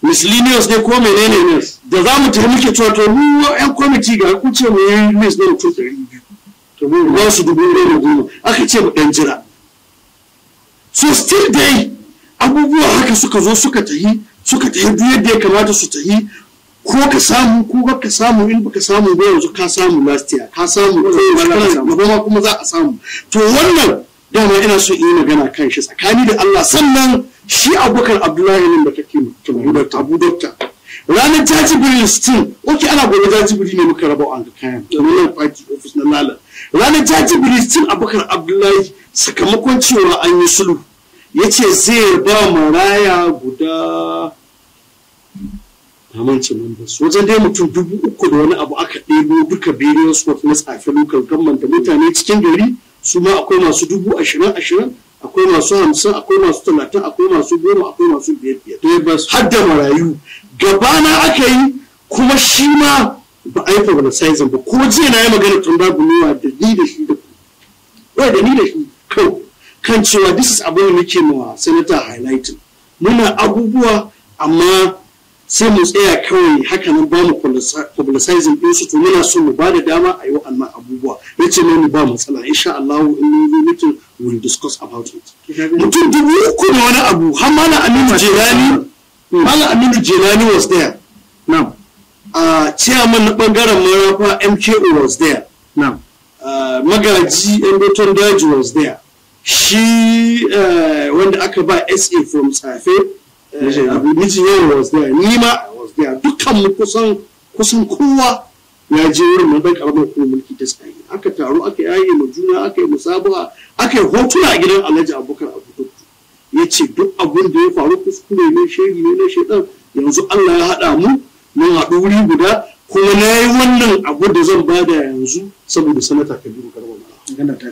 miscellaneous ne ko menene ne da za mu tafi muke cewa to mu yan committee ga hukunce mu yi list na mutum ɗari ba dubu goma goma aka ce mu ɗan jira so still dai abubuwa haka suka zo suka tahi suka tahi duk yadda ya kamata su tahi ko ka samu ko ka samu in ka samu ba yanzu ka samu last year ka samu gaba ma kuma za a samu to wannan dama ina so in yi magana kan shi tsakani da Allah sannan shi abokan abdullahi ne da kake tunani da abu dokta ranar jajibirin still ok ana gobe jajibiri ne muka raba an kayan domin nan party office na lalata ranar jajibiri cin abubakar abdullahi sakamakon cewa an yi sulhu ya ce zai ba maraya guda namance numbers wajen dai mutum dubu uku da wani abu aka ɗebo duka biriyar sport na tsafi lokal gamman da mutane cikin gari su ma akwai masu dubu ashirin ashirin akwai masu hamsin akwai masu talatin akwai masu goma akwai masu biyar biyar har da marayu gabana aka yi kuma shi ma ba a yi favorizing ba ko jiya na yi magana tun babu nuwa da ni da shi da ku da ni da shi kawai kan cewa this is abin da muke mawa senator highlighting muna abubuwa amma sai mu tsaya kawai haka nan ba mu publicizing din su to muna so mu ba da dama a yi wa'annan abubuwa ya ce mai ba matsala insha Allah in we will discuss about it mutum dubu uku ne wani abu har malam Aminu Jelani malam Aminu Jelani was there now A chairman na bangaren marafa mko was there now magaji mbeton daji was there shi eh, wanda aka ba sa from safe mijin eh, was there nima was there dukkan mu kusan kusan kowa ya je wurin mai bai karamar kuma mulki ta aka taru aka yaye ma juna aka yi musabaha aka yi hotuna a gidan alhaji abubakar abubakar ya ce duk abin da ya faru kuskure ne shegi ne na shaidan yanzu allah ya haɗa mu mun haɗu wuri guda kuma na yi wannan abu da zan ba da yanzu saboda sanata kabiru garba magana ta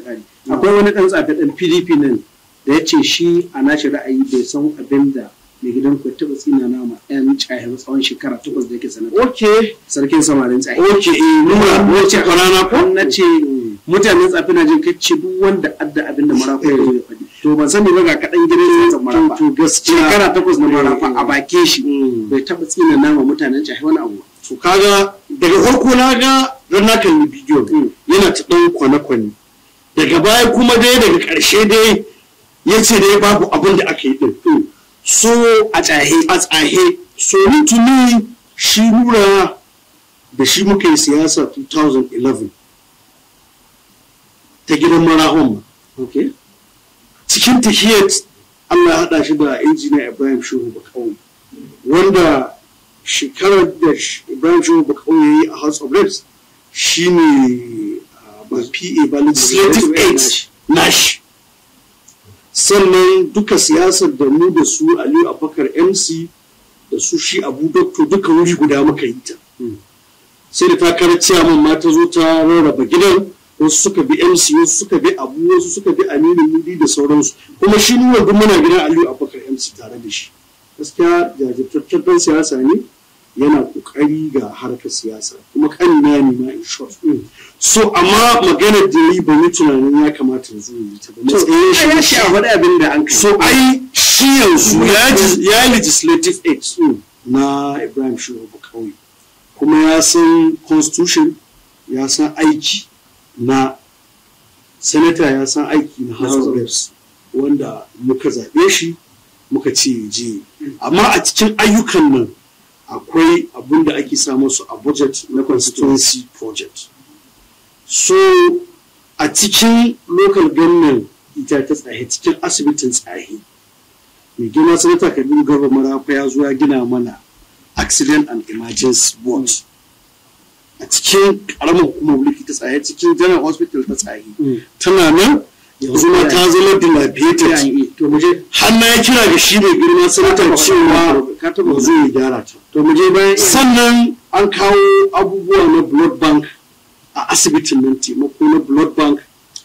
mm. akwai wani ɗan tsafe ɗan pdp nan da ya ce shi a nashi ra'ayi bai san abin da mai gidan ku taɓa tsina na ma ɗan tsaye tsawon shekara takwas da yake sanata ok sarkin samarin tsaye ok nuna eh, wace kwana na ko na ce mutanen tsafi na jin kacce duk wanda adda abin da marakwai ya zo ya faɗi to ban sani ba ga kaɗan gidan sai marafa to gaskiya kana takwas na marafa a baki shi mm. bai taɓa tsina nama mutanen cahi wani abu to kaga daga farko na ga don na kalli bidiyo mm. yana ta dan kwane kwani daga baya kuma dai daga karshe dai yace dai babu abin da aka yi ɗin mm. so a tsahe a tsahe so tuni shi nura da shi muka yi siyasa 2011 ta gidan marahon ma cikin tahiyat Allah haɗa shi da injiniya Ibrahim Shehu Bakau, wanda shekarar da Ibrahim Shehu Bakau ya yi a House of Reps shi ne ba PA ba sannan duka siyasar da mu da su Aliyu Abubakar MC da su shi Abu Dokto duka wuri guda muka yi ta sai da takarar ciyaman ma ta zo ta rarraba gidan wasu suka bi MC wasu suka bi Abu wasu suka bi Aminu Mudi da sauransu kuma shi ne wanda muna gidan Aliyu Abubakar MC tare da shi gaskiya jajirtaccen dan siyasa ne yana kokari ga harkar siyasa kuma kan na ne na in short mm. so amma maganar da yi ba tunanin ya kamata yanzu yi ta ba matsayin shi ya shi a faɗi abin da an so ai shi yanzu ya legislative aid na Ibrahim Shehu Kauye kuma ya san constitution ya san aiki na sanata ya san aiki na house of reps wanda muka zaɓe shi muka ce je amma a cikin ayyukan nan akwai abin da ake samu su a budget na constituency project so a cikin local gannan ita ta tsaye cikin asibitin tsaye mai gina sanata kadin gaba marafa ya zo ya gina mana accident and emergency board a cikin karamar hukumar likita tsaye cikin general hospital ta tsaye mm. tana nan yanzu ma ta zama dilapidated to muje har na ya kira ga shi mai girma sanatar cewa ba zai gyara ta to muje bayan sannan an kawo abubuwa na blood bank a asibitin nan taimako na blood bank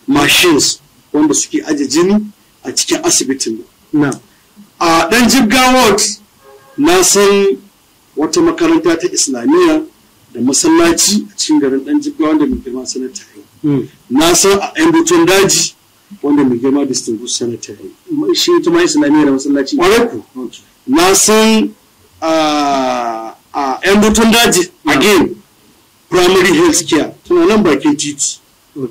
machines wanda suke aje jini a cikin asibitin nan a dan jibga ward na san wata makaranta ta islamiyya da masallaci a cikin garin dan jibga wanda mai girma sanata yi hmm. na san a yan butun daji wanda mai girma distinguish sanata yi shi ita ma islamiyya da masallaci ne? na san a yan butun daji hmm. again primary health care tana nan bakin titi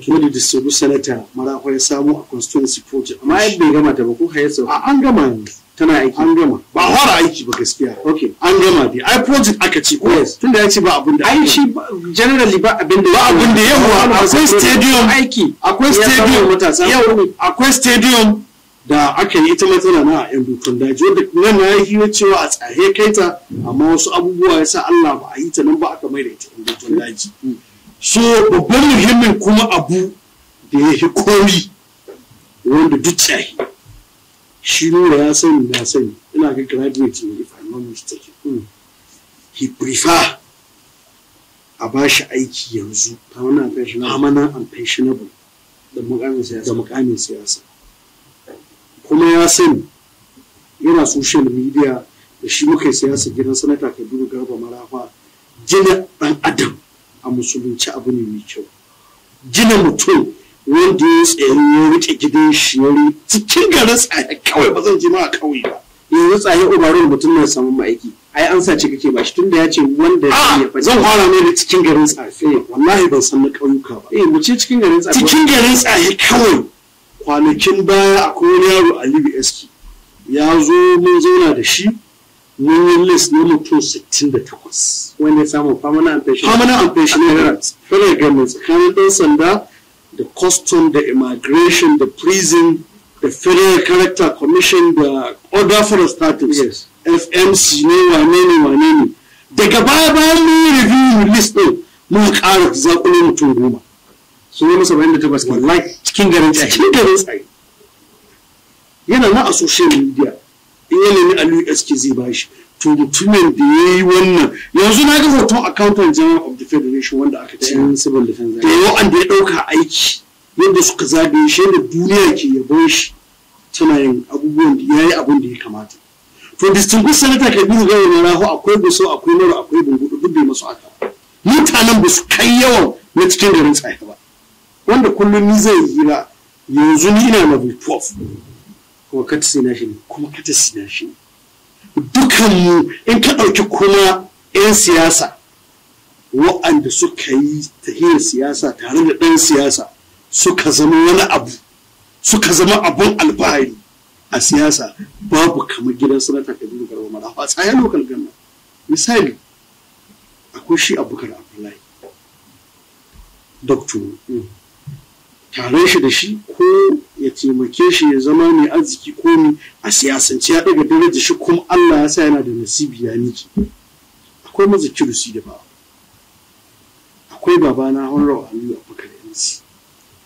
wadda distinguish sanata mara ya samu a constituency project amma ya gama ta ba ko hayar an gama yanzu tana aiki an gama ba fara aiki ba gaskiya okay an gama dai ai project aka ce ko yes tunda ya ce ba abin da ai shi generally ba abin da ba abin da yawa akwai stadium aiki akwai stadium matasa akwai stadium da aka yi ita matsala na yan dukkan daji wanda nan na yi cewa a tsahe kai ta amma wasu abubuwa ya sa Allah ba a yi ta nan ba aka mai da ita yan dukkan daji so babban muhimmin kuma abu da ya fi komi wanda duk tsaye shi nura ya sani na sani ina ga graduate ne if I'm not mistaken hmm. he prefer a ba shi aiki yanzu permanent and pensionable da mukamin siyasa kuma ya sani yana social media da shi muka yi siyasa gidan sanata kaduna garba marafa gina dan adam a musulunci abu ne mai kyau gina mutum wanda ya tsaye ya rike gidan shi ya cikin garin tsaye kawai ba zan je ma a ƙauye ba yanzu tsaye umarun mutum na samun ma'aiki ai an sace kake ba shi tunda ya ce wanda ya faɗi ah, zan fara ne da cikin garin tsaye eh, wallahi ban san na ƙauyuka ba eh mu ce cikin garin tsaye cikin garin tsaye kawai kwanakin baya akwai wani yaro Aliyu Eski ya zo mun zauna da shi mun yi list na mutum 68 wanda ya samu permanent and permanent and permanent federal government tsakanin ɗan sanda the custom, the immigration, the prison, the Federal Character Commission, the Order for the Status, yes. FMC ne wane ne wane ne. Daga baya bayan mun yi review list ɗin mun ƙara ne mutum goma. Sun yi masa bayan da ta tabbas wallahi cikin garin tsaye. Cikin garin tsaye. Yana na a social media in ya nemi Aliyu SK zai bashi. to mutumin da ya yi wannan yanzu na ga hoton accountant general of the federation wanda aka ce da yawan da ya ɗauka aiki yadda suka zagaye shi da duniya ke yabon shi tana yin abubuwan da ya yi abin da ya kamata to distinguished senator kabiru gawar na rahu akwai guso akwai mara akwai bungudu duk bai masu haka mutanen ba su kai yawan na cikin garin tsaye ba wanda kullum ni zai yi yanzu ni ina na 12 kuma katasi na ne kuma katasi na ne dukanmu in ka ɗauki kuma 'yan siyasa wa'anda suka yi tahiyar siyasa tare da ɗan siyasa suka zama wani abu suka zama abun alfahari a siyasa babu kamar gidan sanata kabiru garba mara a tsayen lokal ganna misali akwai shi abubakar abdullahi doctor mm. Tare shi da shi ko ya taimake shi ya zama mai arziki ko mai a siyasance ya daga daraja shi kuma Allah ya sa yana da nasibi ya miki akwai mazakiru kirusi da ba akwai babana Honrawa Aliyu Abubakar MC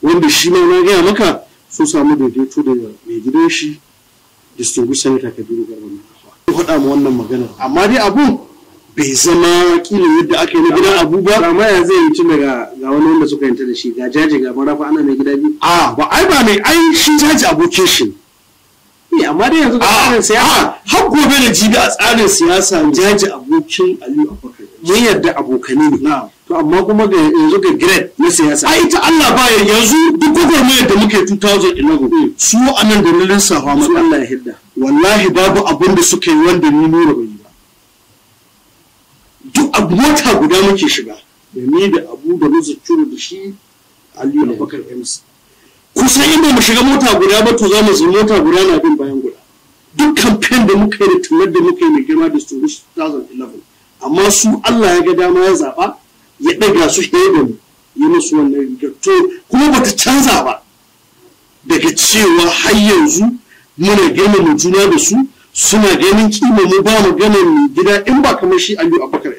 wanda shi ma na gaya maka sun samu daidaito da mai gidan shi distinguished senator Kabiru Garba Mutafa. faɗa ma wannan maganar amma dai abun bai zama kila yadda aka yi na gidan abu ba amma ya zai yi tuna ga ga wani wanda suka yanta da shi ga jaji ga marafa ana mai gida biyu a ba ai ba mai ai shi jaji abokin shi ne eh, amma dai yanzu ga tsarin siyasa har gobe da jibi a tsarin siyasa jaji abokin aliyu abubakar mun yarda abokani ne to amma kuma ga yanzu ga grade na siyasa ai ta Allah ba yanzu duk gwagwarmayar da muke 2011 hmm. su anan da na lissafa Allah ya hidda wallahi babu abin da suka yi wanda ni nuna bai duk abu mota guda muke shiga da ni da abu da musu ciro da shi aliyu na bakar ms kusan inda mu shiga mota guda ba to za mu zo mota guda na bin bayan guda duk kamfen da muka yi da tunar da muka yi mai girma da su 2011 amma su allah ya ga dama ya zaɓa ya ɗaga su shaidan yi musu wannan rigar to kuma ba ta canza ba daga cewa har yanzu muna girmama juna da su suna ganin kima mu ba mu ganin gida in ba kamar shi aliyu abubakar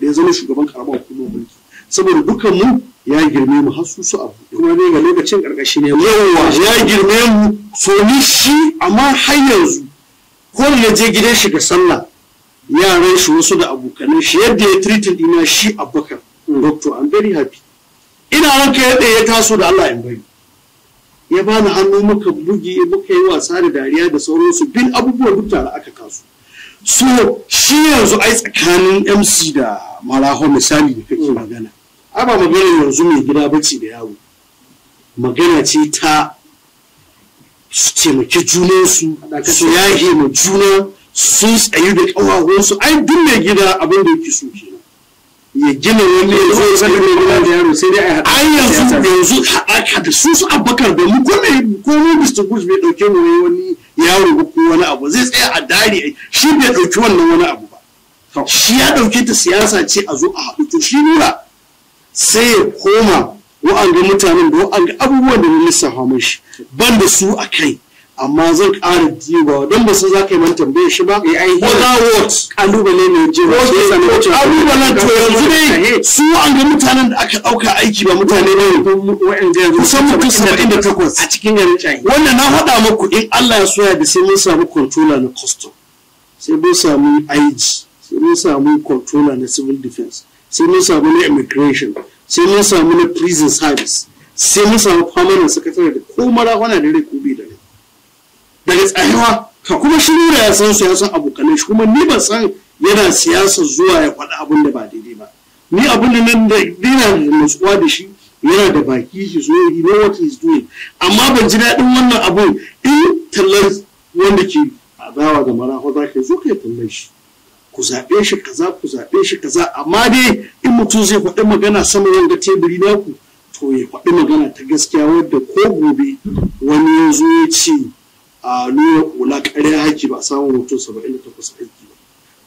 da ya zama shugaban karamar hukumar mulki saboda dukan mu ya girme mu har su su abu kuma dai ga lokacin karkashi ne yawa ya girme mu so ni shi amma har yanzu ko ya je gidan shi ga sallah yaran shi wasu da abokanan shi yadda ya treatin dina shi abubakar doctor i'm very happy ina ranka yadda ya taso da Allah in bari ya bani hannu muka bugi muka yi wasa da dariya da sauransu bin abubuwan duk da aka kasu so shi yanzu ai tsakanin mc da maraho misali da kake magana a ba magana yanzu mai gida bace da yawo magana ce ta su taimaki junansu su yahe ma juna sun tsayu da ƙawawansu ai duk mai gida abin da yake so kenan ya gina wani ya zo sai mai gida da yaro sai dai a haɗa ai yanzu yanzu haɗaka da su su abakar da mu ko mai ko mu Mr. Bush bai ɗauke mu wani yaro ko wani abu zai tsaya a dare shi bai ɗauki wannan wani abu ba shi ya ɗauki ta siyasa ce a zo a haɗu to shi nura sai ya koma wa'anga mutanen da wa'anga abubuwan da na lissafa shi ban da su a kai amma zan ƙara jiwa don ba su za ka yi man tambaye shi ba. Ko eh, na what? Kalubale ne jiwa. to yanzu su an ga mutanen da aka ɗauka aiki ba mutane ne. Kusan mutum saba'in da takwas. A cikin Wannan na faɗa muku in Allah ya soya da sai mun samu controller na custom. Sai mun samu IG. Sai mun samu controller na civil defense. Sai mun samu na immigration. Sai mun samu na prison service. Sai mun samu permanent secretary da ko mara wana da rai ko da. daga tsayuwa ka kuma shiru da ya san siyasan abokanai shi kuma ni ban san yana siyasa zuwa ya faɗi abin da ba daidai ba ni abin da nan da dina nutsuwa da shi yana da baki shi so he know what he's doing amma ban ji daɗin wannan abun in tallar wanda ke adawa da marahu za ka zo ka tallar shi ku zaɓe shi kaza ku zaɓe shi kaza amma dai in mutum zai faɗi magana sama ga teburi naku to ya faɗi magana ta gaskiya wadda ko gobe wani ya zo ya ce a nuna ula ƙarya haji ba a samu mutum saba'in da takwas aiki ba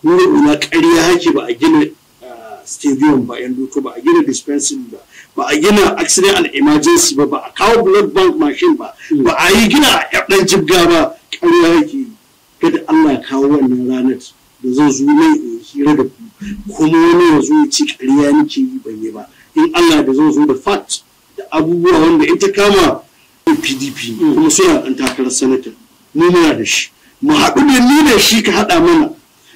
nuna ula ƙarya haji ba a gina stadium ba yan duto ba a gina dispensary ba ba a gina accident and emergency ba ba a kawo blood bank machine ba hmm. ba a yi gina ɗan jibga ba ƙarya haji kada Allah ya kawo wannan ranar da zan zo nan in hira da ku kuma wani ya zo ya ci ƙarya nake yi ban yi ba in Allah da zan zo da fat da abubuwa wanda ita kama PDP hmm. kuma suna ɗan takarar sanata mu muna da shi mu haɗu ne ni da shi ka haɗa mana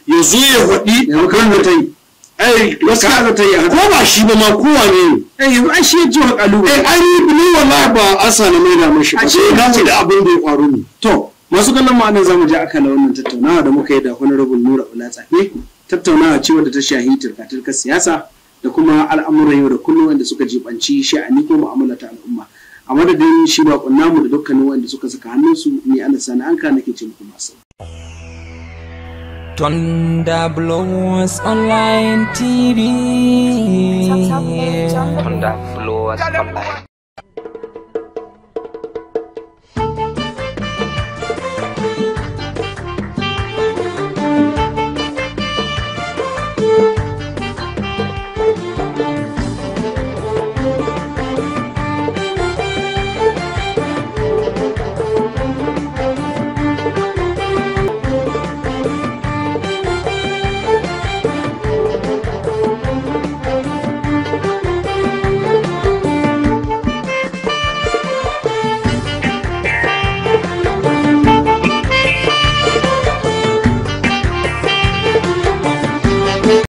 ya zo ya faɗi ya makarar ta yi ai wasu ta yi ko ba shi ba ma kowa ne eh, ai yau shi ya ji wa kaluba eh, ai ai ni wallahi ba asa na mai da mashi a ce na ce da abin da ya faru ne to masu kallon mu anan zamu je aka na wannan tattaunawa da muka yi da honorable Nura tsafe tattaunawa ce wadda ta shahi turka siyasa da kuma al'amuran yau da kullum wanda suka jibanci sha'ani ko mu'amala ta al'umma a madadin shi ba namu da dukkanin wanda suka saka hannunsu ni ana sani an nake ce muku masu. Tonda Blowers Online TV. Tonda Blowers Online.